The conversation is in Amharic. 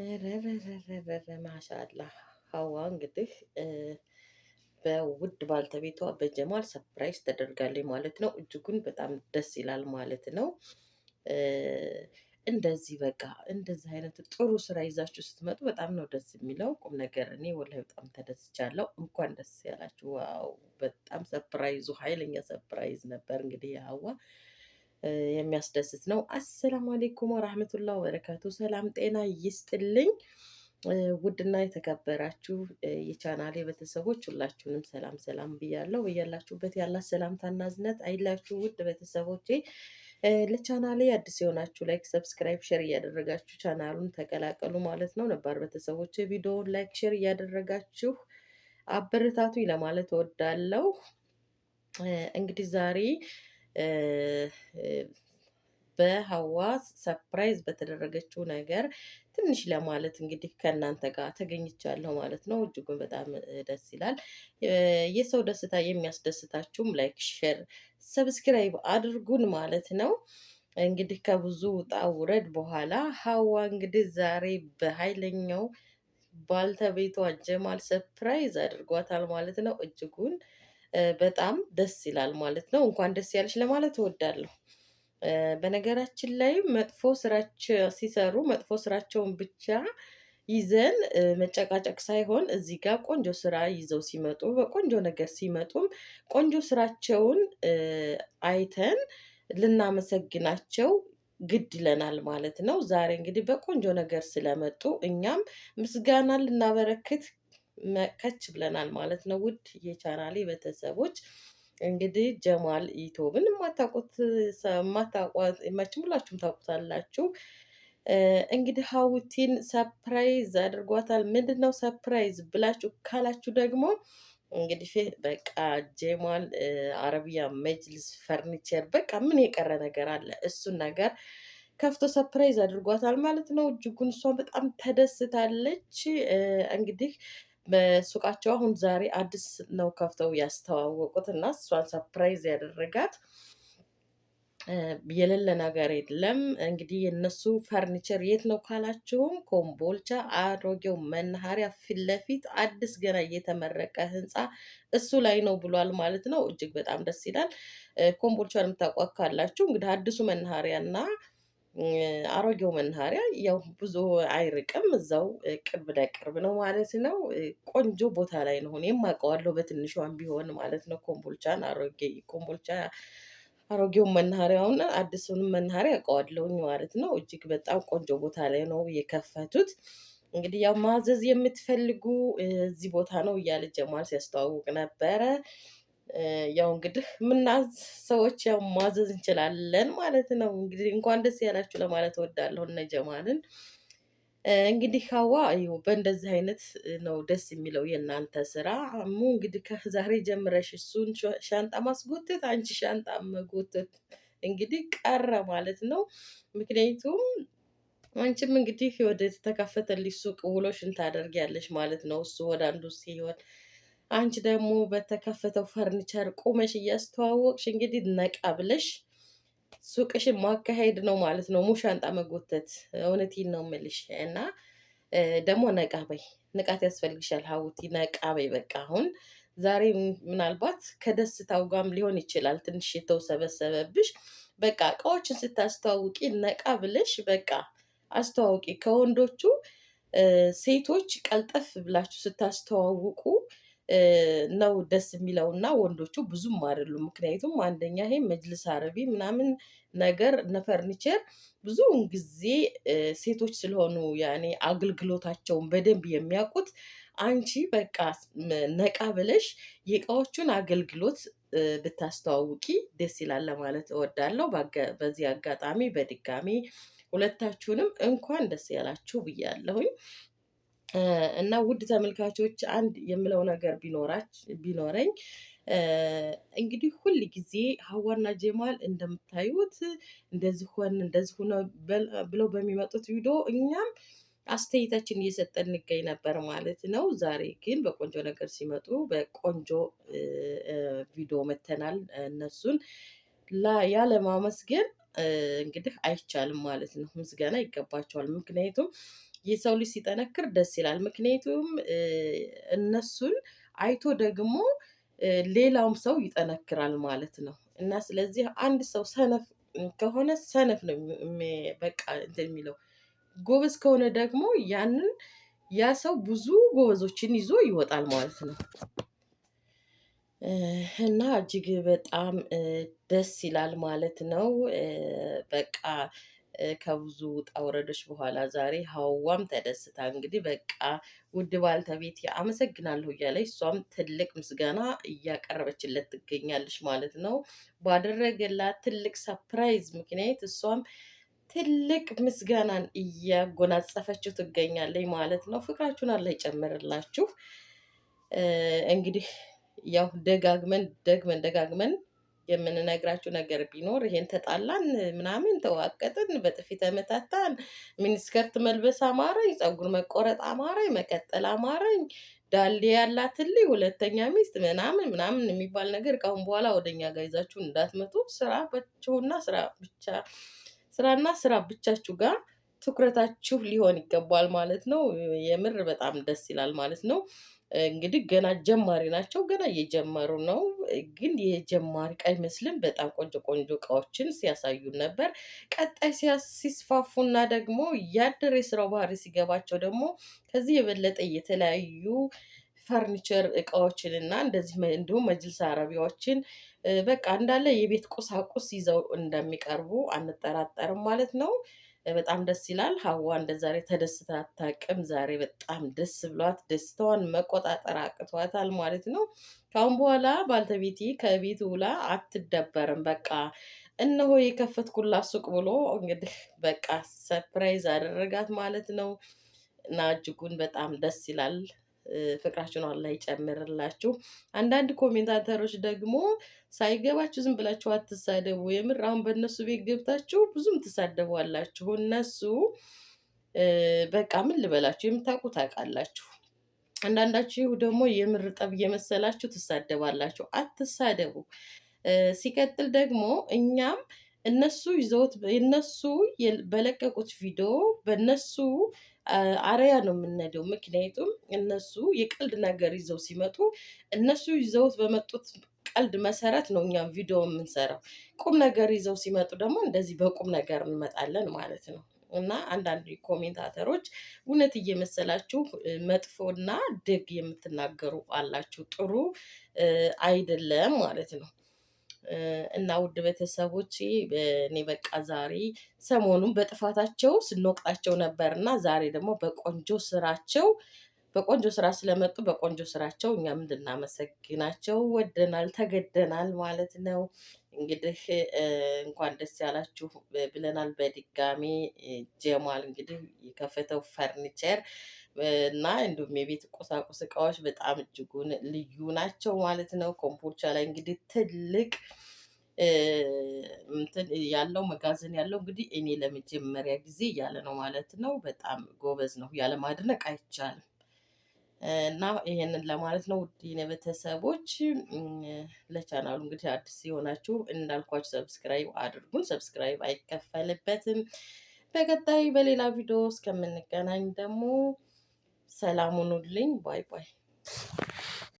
ረረረረረ ሀዋ እንግዲህ በውድ ባልተቤቷ በጀማል ሰፕራይዝ ተደርጋለች ማለት ነው። እጅጉን በጣም ደስ ይላል ማለት ነው። እንደዚህ በቃ እንደዚህ አይነት ጥሩ ስራ ይዛችሁ ስትመጡ በጣም ነው ደስ የሚለው። ቁም ነገር እኔ ወላሂ በጣም ተደስቻለሁ። እንኳን ደስ ያላችሁ። ዋው! በጣም ሰፕራይዙ ኃይለኛ ሰፕራይዝ ነበር። እንግዲህ የሀዋ የሚያስደስት ነው። አሰላሙ አሌይኩም ወራህመቱላ ወበረካቱ። ሰላም ጤና ይስጥልኝ። ውድና የተከበራችሁ የቻናሌ ቤተሰቦች ሁላችሁንም ሰላም ሰላም ብያለሁ። በያላችሁበት ያላት ሰላምታና እዝነት አይላችሁ። ውድ ቤተሰቦቼ ለቻናሌ አዲስ የሆናችሁ ላይክ፣ ሰብስክራይብ፣ ሼር እያደረጋችሁ ቻናሉን ተቀላቀሉ ማለት ነው። ነባር ቤተሰቦች ቪዲዮውን ላይክ፣ ሼር እያደረጋችሁ አበረታቱኝ ለማለት እወዳለሁ። እንግዲህ ዛሬ በሀዋ ሰርፕራይዝ በተደረገችው ነገር ትንሽ ለማለት እንግዲህ ከእናንተ ጋር ተገኝቻለሁ ማለት ነው። እጅጉን በጣም ደስ ይላል። የሰው ደስታ የሚያስደስታችሁም ላይክ፣ ሼር፣ ሰብስክራይብ አድርጉን ማለት ነው። እንግዲህ ከብዙ ውጣ ውረድ በኋላ ሀዋ እንግዲህ ዛሬ በኃይለኛው ባልተቤቷ ጀማል ሰፕራይዝ አድርጓታል ማለት ነው። እጅጉን በጣም ደስ ይላል ማለት ነው። እንኳን ደስ ያለች ለማለት እወዳለሁ። በነገራችን ላይ መጥፎ ስራቸው ሲሰሩ መጥፎ ስራቸውን ብቻ ይዘን መጨቃጨቅ ሳይሆን እዚህ ጋር ቆንጆ ስራ ይዘው ሲመጡ በቆንጆ ነገር ሲመጡም ቆንጆ ስራቸውን አይተን ልናመሰግናቸው ግድ ይለናል ማለት ነው። ዛሬ እንግዲህ በቆንጆ ነገር ስለመጡ እኛም ምስጋና ልናበረክት መከች ብለናል ማለት ነው። ውድ የቻናሌ ቤተሰቦች እንግዲህ ጀማል ኢትዮብን የማታውቁት መቼም ሁላችሁም ታውቁታላችሁ። እንግዲህ ሀውቲን ሰፕራይዝ አድርጓታል። ምንድን ነው ሰፕራይዝ ብላችሁ ካላችሁ ደግሞ እንግዲህ በቃ ጀማል አረቢያ መጅልስ ፈርኒቸር በቃ ምን የቀረ ነገር አለ? እሱን ነገር ከፍቶ ሰፕራይዝ አድርጓታል ማለት ነው። እጅጉን እሷን በጣም ተደስታለች እንግዲህ በሱቃቸው አሁን ዛሬ አዲስ ነው ከፍተው ያስተዋወቁት እና እሷን ሰርፕራይዝ ያደረጋት የሌለ ነገር የለም። እንግዲህ የነሱ ፈርኒቸር የት ነው ካላችሁም፣ ኮምቦልቻ አሮጌው መናኸሪያ ፊት ለፊት አዲስ ገና እየተመረቀ ህንፃ እሱ ላይ ነው ብሏል ማለት ነው። እጅግ በጣም ደስ ይላል። ኮምቦልቻን የምታውቋት ካላችሁ እንግዲህ አዲሱ መናኸሪያ እና አሮጌው መናኸሪያ ያው ብዙ አይርቅም፣ እዛው ቅርብ ለቅርብ ነው ማለት ነው። ቆንጆ ቦታ ላይ ነው። እኔም አውቀዋለሁ በትንሿም ቢሆን ማለት ነው። ኮምቦልቻን አሮጌ ኮምቦልቻ አሮጌውን መናኸሪያውን አዲሱንም መናኸሪያ አውቀዋለሁኝ ማለት ነው። እጅግ በጣም ቆንጆ ቦታ ላይ ነው የከፈቱት። እንግዲህ ያው ማዘዝ የምትፈልጉ እዚህ ቦታ ነው እያለ ጀማል ሲያስተዋውቅ ነበረ። ያው እንግዲህ ምናዝ ሰዎች ያው ማዘዝ እንችላለን ማለት ነው። እንግዲህ እንኳን ደስ ያላችሁ ለማለት እወዳለሁ እነ ጀማልን። እንግዲህ ሀዋ ይኸው በእንደዚህ አይነት ነው ደስ የሚለው የእናንተ ስራ። አሙ እንግዲህ ከዛሬ ጀምረሽ እሱን ሻንጣ ማስጎተት፣ አንቺ ሻንጣ መጎተት እንግዲህ ቀረ ማለት ነው። ምክንያቱም አንቺም እንግዲህ ወደ ተከፈተልሽ ሱቅ ውሎሽ እንታደርጊያለሽ ማለት ነው። እሱ ወደ አንዱ ሲሆን አንቺ ደግሞ በተከፈተው ፈርኒቸር ቁመሽ እያስተዋወቅሽ እንግዲህ ነቃ ብለሽ ሱቅሽን ማካሄድ ነው ማለት ነው። ሙሻንጣ መጎተት እውነቴን ነው የምልሽ። እና ደግሞ ነቃ በይ፣ ንቃት ያስፈልግሻል ሀውቲ። ነቃ በይ በቃ አሁን ዛሬ ምናልባት ከደስታው ጋም ሊሆን ይችላል ትንሽ የተውሰበሰበብሽ። በቃ እቃዎችን ስታስተዋውቂ ነቃ ብለሽ በቃ አስተዋውቂ። ከወንዶቹ ሴቶች ቀልጠፍ ብላችሁ ስታስተዋውቁ ነው ደስ የሚለው እና ወንዶቹ ብዙም አይደሉም። ምክንያቱም አንደኛ ይሄ መጅልስ አረቢ ምናምን ነገር ነፈርኒቸር ብዙውን ጊዜ ሴቶች ስለሆኑ ያኔ አገልግሎታቸውን በደንብ የሚያውቁት አንቺ በቃ ነቃ ብለሽ የእቃዎቹን አገልግሎት ብታስተዋውቂ ደስ ይላል ለማለት እወዳለሁ። በዚህ አጋጣሚ በድጋሚ ሁለታችሁንም እንኳን ደስ ያላችሁ ብያለሁኝ። እና ውድ ተመልካቾች አንድ የምለው ነገር ቢኖራች ቢኖረኝ እንግዲህ ሁል ጊዜ ሀዋና ጀማል እንደምታዩት እንደዚህ ሆን እንደዚህ ሆነ ብለው በሚመጡት ቪዲዮ እኛም አስተያየታችን እየሰጠን እንገኝ ነበር ማለት ነው። ዛሬ ግን በቆንጆ ነገር ሲመጡ በቆንጆ ቪዲዮ መተናል። እነሱን ያለማመስገን እንግዲህ አይቻልም ማለት ነው። ምስጋና ይገባቸዋል። ምክንያቱም የሰው ልጅ ሲጠነክር ደስ ይላል። ምክንያቱም እነሱን አይቶ ደግሞ ሌላውም ሰው ይጠነክራል ማለት ነው እና ስለዚህ አንድ ሰው ሰነፍ ከሆነ ሰነፍ ነው በቃ እንደሚለው ጎበዝ ከሆነ ደግሞ ያንን ያ ሰው ብዙ ጎበዞችን ይዞ ይወጣል ማለት ነው እና እጅግ በጣም ደስ ይላል ማለት ነው። በቃ ከብዙ ውጣ ውረዶች በኋላ ዛሬ ሀዋም ተደስታ እንግዲህ በቃ ውድ ባልተቤት አመሰግናለሁ እያለች እሷም ትልቅ ምስጋና እያቀረበችለት ትገኛለች ማለት ነው። ባደረገላት ትልቅ ሰፕራይዝ ምክንያት እሷም ትልቅ ምስጋናን እያጎናጸፈችው ትገኛለች ማለት ነው። ፍቅራችሁን አላህ ይጨምርላችሁ። እንግዲህ ያው ደጋግመን ደግመን ደጋግመን የምንነግራችሁ ነገር ቢኖር ይሄን ተጣላን፣ ምናምን ተዋቀጥን፣ በጥፊ ተመታታን፣ ሚኒስከርት መልበስ አማረኝ፣ ፀጉር መቆረጥ አማረኝ፣ መቀጠል አማረኝ፣ ዳሌ ያላትልኝ ሁለተኛ ሚስት ምናምን ምናምን የሚባል ነገር ካሁን በኋላ ወደኛ ጋር ይዛችሁ እንዳትመጡ። ስራ ብቻ ስራና ስራ ብቻችሁ ጋር ትኩረታችሁ ሊሆን ይገባል ማለት ነው። የምር በጣም ደስ ይላል ማለት ነው። እንግዲህ ገና ጀማሪ ናቸው። ገና እየጀመሩ ነው፣ ግን የጀማሪ ዕቃ አይመስልም። በጣም ቆንጆ ቆንጆ እቃዎችን ሲያሳዩ ነበር። ቀጣይ ሲስፋፉና ደግሞ ያደረ የስራው ባህሪ ሲገባቸው ደግሞ ከዚህ የበለጠ የተለያዩ ፈርኒቸር እቃዎችን እና እንደዚህ እንዲሁም መጅልስ አረቢያዎችን በቃ እንዳለ የቤት ቁሳቁስ ይዘው እንደሚቀርቡ አንጠራጠርም ማለት ነው። በጣም ደስ ይላል። ሀዋ ዛሬ ተደስታ አታውቅም። ዛሬ በጣም ደስ ብሏት ደስታዋን መቆጣጠር አቅቷታል ማለት ነው። ካሁን በኋላ ባልተቤቲ ከቤት ውላ አትደበርም። በቃ እነሆ የከፈትኩላት ሱቅ ብሎ እንግዲህ በቃ ሰርፕራይዝ አደረጋት ማለት ነው እና እጅጉን በጣም ደስ ይላል። ፍቅራችሁን አላህ ይጨምርላችሁ። አንዳንድ ኮሜንታተሮች ደግሞ ሳይገባችሁ ዝም ብላችሁ አትሳደቡ። የምር አሁን በእነሱ ቤት ገብታችሁ ብዙም ትሳደቧላችሁ። እነሱ በቃ ምን ልበላችሁ የምታውቁ ታውቃላችሁ። አንዳንዳችሁ ደግሞ የምር ጠብ እየመሰላችሁ ትሳደባላችሁ። አትሳደቡ። ሲቀጥል ደግሞ እኛም እነሱ ይዘውት የነሱ በለቀቁት ቪዲዮ በነሱ አርያ ነው የምንሄደው። ምክንያቱም እነሱ የቀልድ ነገር ይዘው ሲመጡ እነሱ ይዘውት በመጡት ቀልድ መሰረት ነው እኛም ቪዲዮ የምንሰራው። ቁም ነገር ይዘው ሲመጡ ደግሞ እንደዚህ በቁም ነገር እንመጣለን ማለት ነው። እና አንዳንድ ኮሜንታተሮች እውነት እየመሰላችሁ መጥፎና ደግ የምትናገሩ አላችሁ። ጥሩ አይደለም ማለት ነው። እና ውድ ቤተሰቦች እኔ በቃ ዛሬ ሰሞኑን በጥፋታቸው ስንወቅጣቸው ነበር እና ዛሬ ደግሞ በቆንጆ ስራቸው በቆንጆ ስራ ስለመጡ በቆንጆ ስራቸው እኛም እንድናመሰግናቸው ወደናል ተገደናል ማለት ነው። እንግዲህ እንኳን ደስ ያላችሁ ብለናል በድጋሚ ጀማል እንግዲህ የከፈተው ፈርኒቸር እና እንዲሁም የቤት ቁሳቁስ እቃዎች በጣም እጅጉን ልዩ ናቸው ማለት ነው። ኮምቦልቻ ላይ እንግዲህ ትልቅ ያለው መጋዘን ያለው እንግዲህ እኔ ለመጀመሪያ ጊዜ እያለ ነው ማለት ነው። በጣም ጎበዝ ነው፣ ያለ ማድነቅ አይቻልም። እና ይሄንን ለማለት ነው ውድ ቤተሰቦች። ለቻናሉ እንግዲህ አዲስ የሆናችሁ እንዳልኳችሁ ሰብስክራይብ አድርጉን። ሰብስክራይብ አይከፈልበትም። በቀጣይ በሌላ ቪዲዮ እስከምንገናኝ ደግሞ ሰላም ሁኑልኝ። ባይ ባይ።